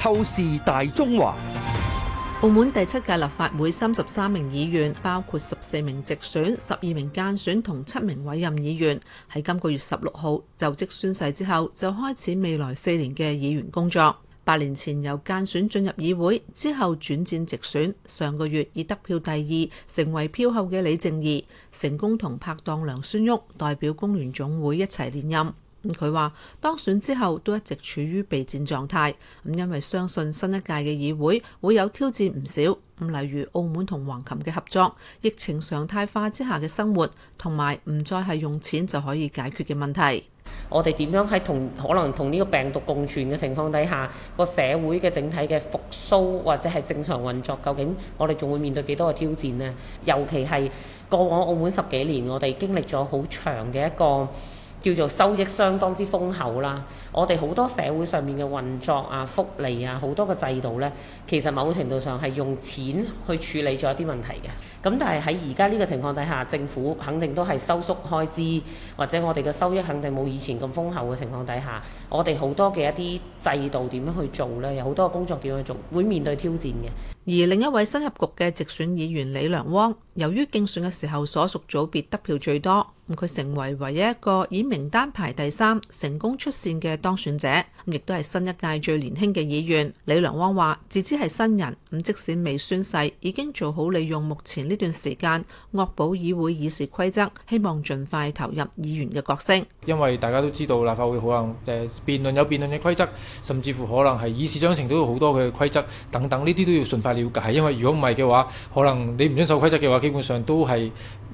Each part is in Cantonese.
透視大中華。澳門第七屆立法會三十三名議員，包括十四名直選、十二名間選同七名委任議員，喺今個月十六號就職宣誓之後，就開始未來四年嘅議員工作。八年前由間選進入議會，之後轉戰直選，上個月以得票第二成為票后嘅李靜儀，成功同拍檔梁孫旭代表工聯總會一齊連任。佢話當選之後都一直處於備戰狀態，咁因為相信新一屆嘅議會會有挑戰唔少，咁例如澳門同橫琴嘅合作、疫情常態化之下嘅生活，同埋唔再係用錢就可以解決嘅問題。我哋點樣喺同可能同呢個病毒共存嘅情況底下，個社會嘅整體嘅復甦或者係正常運作，究竟我哋仲會面對幾多個挑戰呢？尤其係過往澳門十幾年，我哋經歷咗好長嘅一個。叫做收益相當之豐厚啦。我哋好多社會上面嘅運作啊、福利啊，好多嘅制度咧，其實某程度上係用錢去處理咗一啲問題嘅。咁但係，喺而家呢個情況底下，政府肯定都係收縮開支，或者我哋嘅收益肯定冇以前咁豐厚嘅情況底下，我哋好多嘅一啲制度點樣去做咧，有好多工作點樣做，會面對挑戰嘅。而另一位新入局嘅直選議員李良汪，由於競選嘅時候所屬組別得票最多。佢成為唯一一個以名單排第三成功出線嘅當選者，亦都係新一屆最年輕嘅議員。李良汪話，自知係新人，咁即使未宣誓，已經做好利用目前呢段時間惡補議會議事規則，希望盡快投入議員嘅角色。因為大家都知道立法會可能誒辯論有辯論嘅規則，甚至乎可能係議事章程都有好多嘅規則等等，呢啲都要盡快了解。因為如果唔係嘅話，可能你唔遵守規則嘅話，基本上都係。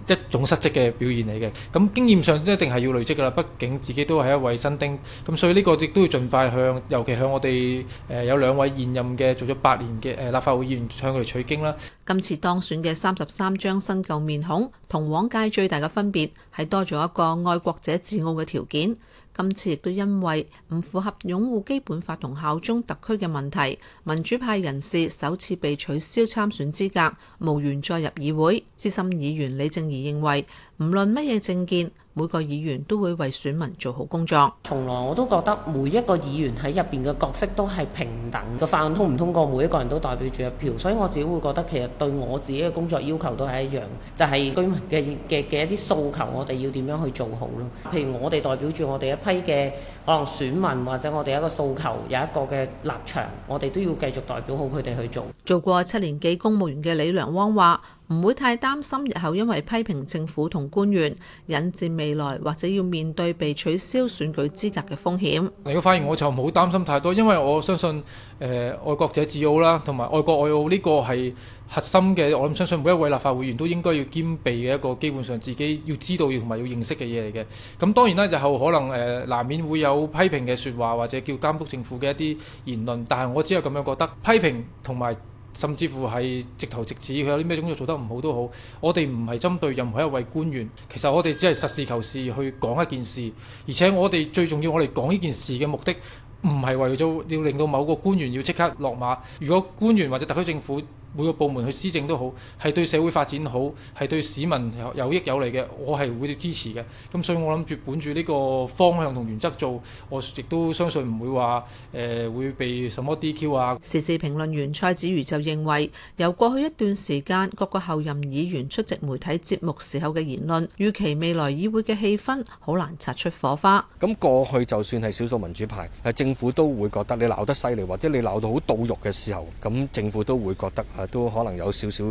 一種失職嘅表現嚟嘅，咁經驗上一定係要累積㗎喇，畢竟自己都係一位新丁，咁所以呢個亦都要盡快向，尤其向我哋誒有兩位現任嘅做咗八年嘅誒立法會議員向佢哋取經啦。今次當選嘅三十三張新舊面孔，同往屆最大嘅分別係多咗一個愛國者治澳嘅條件。今次亦都因為唔符合擁護基本法同效忠特區嘅問題，民主派人士首次被取消參選資格，無緣再入議會。資深議員李正儀認為。唔論乜嘢政見，每個議員都會為選民做好工作。從來我都覺得每一個議員喺入邊嘅角色都係平等嘅，法案通唔通過，每一個人都代表住一票，所以我自己會覺得其實對我自己嘅工作要求都係一樣，就係、是、居民嘅嘅嘅一啲訴求，我哋要點樣去做好咯。譬如我哋代表住我哋一批嘅可能選民，或者我哋一個訴求有一個嘅立場，我哋都要繼續代表好佢哋去做。做過七年幾公務員嘅李良汪話。唔會太擔心日後因為批評政府同官員引致未來或者要面對被取消選舉資格嘅風險。如果發現我就唔好擔心太多，因為我相信誒愛、呃、國者治澳啦，同埋愛國愛澳呢個係核心嘅，我諗相信每一位立法會議員都應該要兼備嘅一個基本上自己要知道要同埋要認識嘅嘢嚟嘅。咁、嗯、當然啦，日後可能誒、呃、難免會有批評嘅説話或者叫監督政府嘅一啲言論，但係我只係咁樣覺得批評同埋。甚至乎係直頭直指佢有啲咩工作做得唔好都好，我哋唔係針對任何一位官員。其實我哋只係實事求是去講一件事，而且我哋最重要，我哋講呢件事嘅目的唔係為咗要令到某個官員要即刻落馬。如果官員或者特區政府，每個部門去施政都好，係對社會發展好，係對市民有益有利嘅，我係會支持嘅。咁所以我諗住本住呢個方向同原則做，我亦都相信唔會話誒、呃、會被什麼 DQ 啊。時事評論員蔡子瑜就認為，由過去一段時間各個候任議員出席媒體節目時候嘅言論，預期未來議會嘅氣氛好難擦出火花。咁過去就算係少數民主派，政府都會覺得你鬧得犀利，或者你鬧到好到肉嘅時候，咁政府都會覺得都可能有少少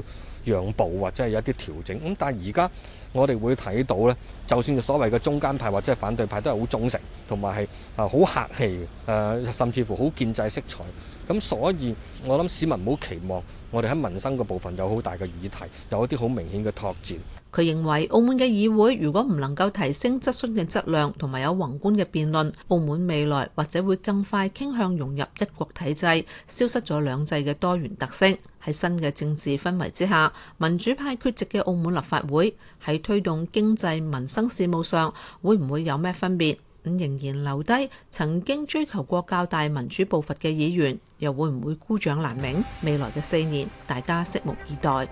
讓步，或者係有一啲調整，咁但係而家。我哋會睇到呢，就算係所謂嘅中間派，或者係反對派，都係好忠誠，同埋係啊好客氣，誒甚至乎好建制色彩。咁所以我諗市民唔好期望我哋喺民生嘅部分有好大嘅議題，有一啲好明顯嘅拓展。佢認為澳門嘅議會如果唔能夠提升質詢嘅質量，同埋有宏觀嘅辯論，澳門未來或者會更快傾向融入一國體制，消失咗兩制嘅多元特色。喺新嘅政治氛圍之下，民主派缺席嘅澳門立法會，喺推動經濟民生事務上，會唔會有咩分別？仍然留低曾經追求過較大民主步伐嘅議員，又會唔會孤掌難鳴？未來嘅四年，大家拭目以待。